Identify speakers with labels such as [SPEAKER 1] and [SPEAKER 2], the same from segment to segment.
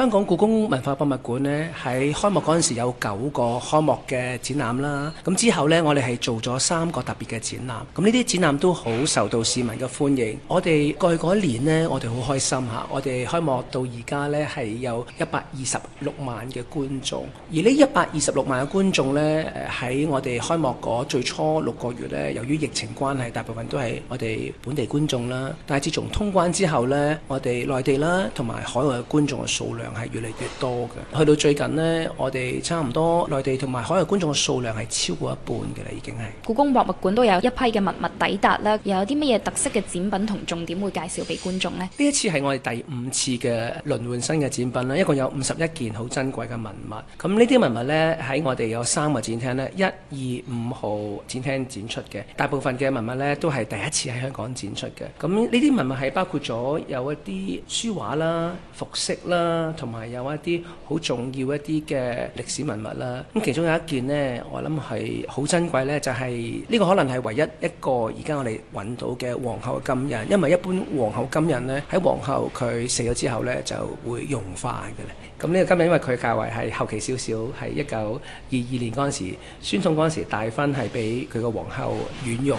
[SPEAKER 1] 香港故宮文化博物館咧喺開幕嗰陣時有九個開幕嘅展覽啦，咁之後咧我哋係做咗三個特別嘅展覽，咁呢啲展覽都好受到市民嘅歡迎。我哋過去嗰一年咧，我哋好開心吓，我哋開幕到而家咧係有一百二十六萬嘅觀眾，而呢一百二十六萬嘅觀眾咧，喺我哋開幕嗰最初六個月咧，由於疫情關係，大部分都係我哋本地觀眾啦。但係自從通關之後咧，我哋內地啦同埋海外嘅觀眾嘅數量。係越嚟越多嘅，去到最近呢，我哋差唔多內地同埋海外觀眾嘅數量係超過一半嘅啦，已經係。
[SPEAKER 2] 故宮博物館都有一批嘅文物抵達啦，又有啲乜嘢特色嘅展品同重點會介紹俾觀眾呢？
[SPEAKER 1] 呢一次係我哋第五次嘅輪換新嘅展品啦，一共有五十一件好珍貴嘅文物。咁呢啲文物呢，喺我哋有三個展廳呢，一二五號展廳展出嘅，大部分嘅文物呢，都係第一次喺香港展出嘅。咁呢啲文物係包括咗有一啲書畫啦、服飾啦。同埋有一啲好重要一啲嘅歷史文物啦。咁其中有一件呢，我諗係好珍貴呢就係、是、呢個可能係唯一一個而家我哋揾到嘅皇后金印。因為一般皇后金印呢，喺皇后佢死咗之後呢就會溶化嘅喇。咁呢個金印因為佢嘅價位係後期少少，係一九二二年嗰陣時，宣統嗰陣時大婚係俾佢個皇后婉容，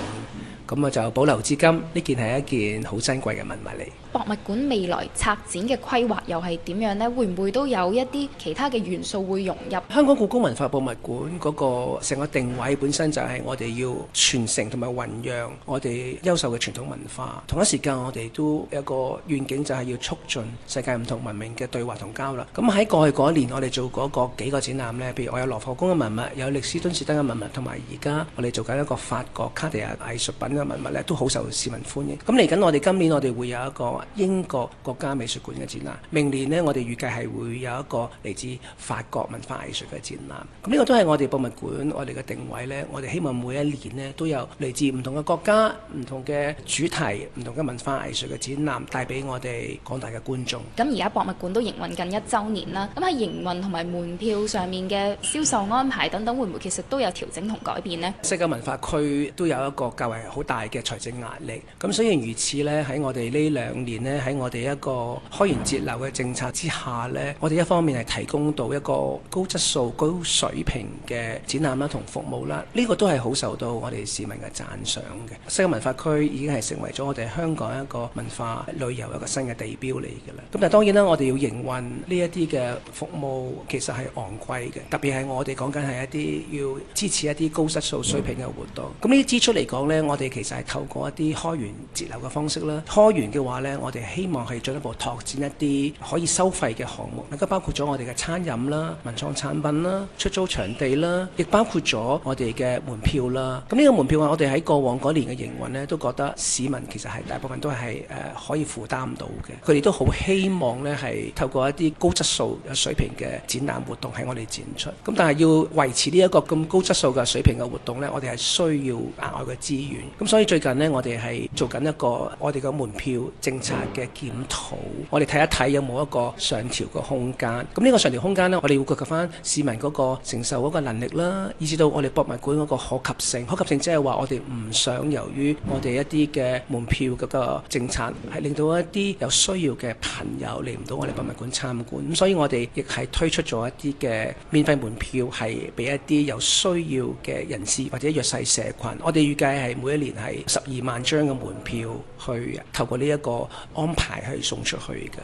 [SPEAKER 1] 咁啊就保留至今。呢件係一件好珍貴嘅文物嚟。
[SPEAKER 2] 博物館未來策展嘅規劃又係點樣？咧會唔會都有一啲其他嘅元素會融入？
[SPEAKER 1] 香港故宮文化博物館嗰個成個定位本身就係我哋要傳承同埋弘揚我哋優秀嘅傳統文化，同一時間我哋都有一個願景，就係要促進世界唔同文明嘅對話同交流。咁喺過去嗰一年，我哋做嗰個幾個展覽呢，譬如我有羅浮宮嘅文物，有列支敦士登嘅文物，同埋而家我哋做緊一個法國卡地亞藝術品嘅文物呢，都好受市民歡迎。咁嚟緊我哋今年，我哋會有一個英國國家美術館嘅展覽，明年呢我哋。預計係會有一個嚟自法國文化藝術嘅展覽，咁呢個都係我哋博物館我哋嘅定位咧。我哋希望每一年咧都有嚟自唔同嘅國家、唔同嘅主題唔同嘅文化藝術嘅展覽帶俾我哋廣大嘅觀眾，
[SPEAKER 2] 咁而家博物館都營運近一周年啦，咁喺營運同埋門票上面嘅銷售安排等等，會唔會其實都有調整同改變咧？
[SPEAKER 1] 西九文化區都有一個較為好大嘅財政壓力，咁雖然如此咧，喺我哋呢兩年咧，喺我哋一個開源節流嘅政策之下。下呢，我哋一方面係提供到一個高質素、高水平嘅展覽啦，同服務啦，呢個都係好受到我哋市民嘅贊賞嘅。西九文化區已經係成為咗我哋香港一個文化旅遊一個新嘅地標嚟嘅啦。咁但係當然啦，我哋要營運呢一啲嘅服務其實係昂貴嘅，特別係我哋講緊係一啲要支持一啲高質素水平嘅活動，咁呢啲支出嚟講咧，我哋其實係透過一啲開源節流嘅方式啦。開源嘅話咧，我哋希望係進一步拓展一啲可以收費嘅項目，更加包括咗我哋嘅餐飲啦、文創產品啦、出租場地啦，亦包括咗我哋嘅門票啦。咁呢個門票啊，我哋喺過往嗰年嘅營運咧，都覺得市民其實係大部分都係誒、呃、可以負擔到嘅。佢哋都好希望咧，係透過一啲高質素嘅水平嘅展覽活，活動，喺我哋展出。咁但係要維持呢一個咁高質素嘅水平嘅活動咧，我哋係需要額外嘅資源。咁所以最近咧，我哋係做緊一個我哋嘅門票政策嘅檢討，我哋睇一睇有冇一個上調空間，咁呢個上調空間呢，我哋會顧及翻市民嗰個承受嗰個能力啦，以至到我哋博物館嗰個可及性。可及性即係話我哋唔想由於我哋一啲嘅門票嗰個政策，係令到一啲有需要嘅朋友嚟唔到我哋博物館參觀。咁所以我哋亦係推出咗一啲嘅免費門票，係俾一啲有需要嘅人士或者弱勢社群。我哋預計係每一年係十二萬張嘅門票去透過呢一個安排去送出去嘅。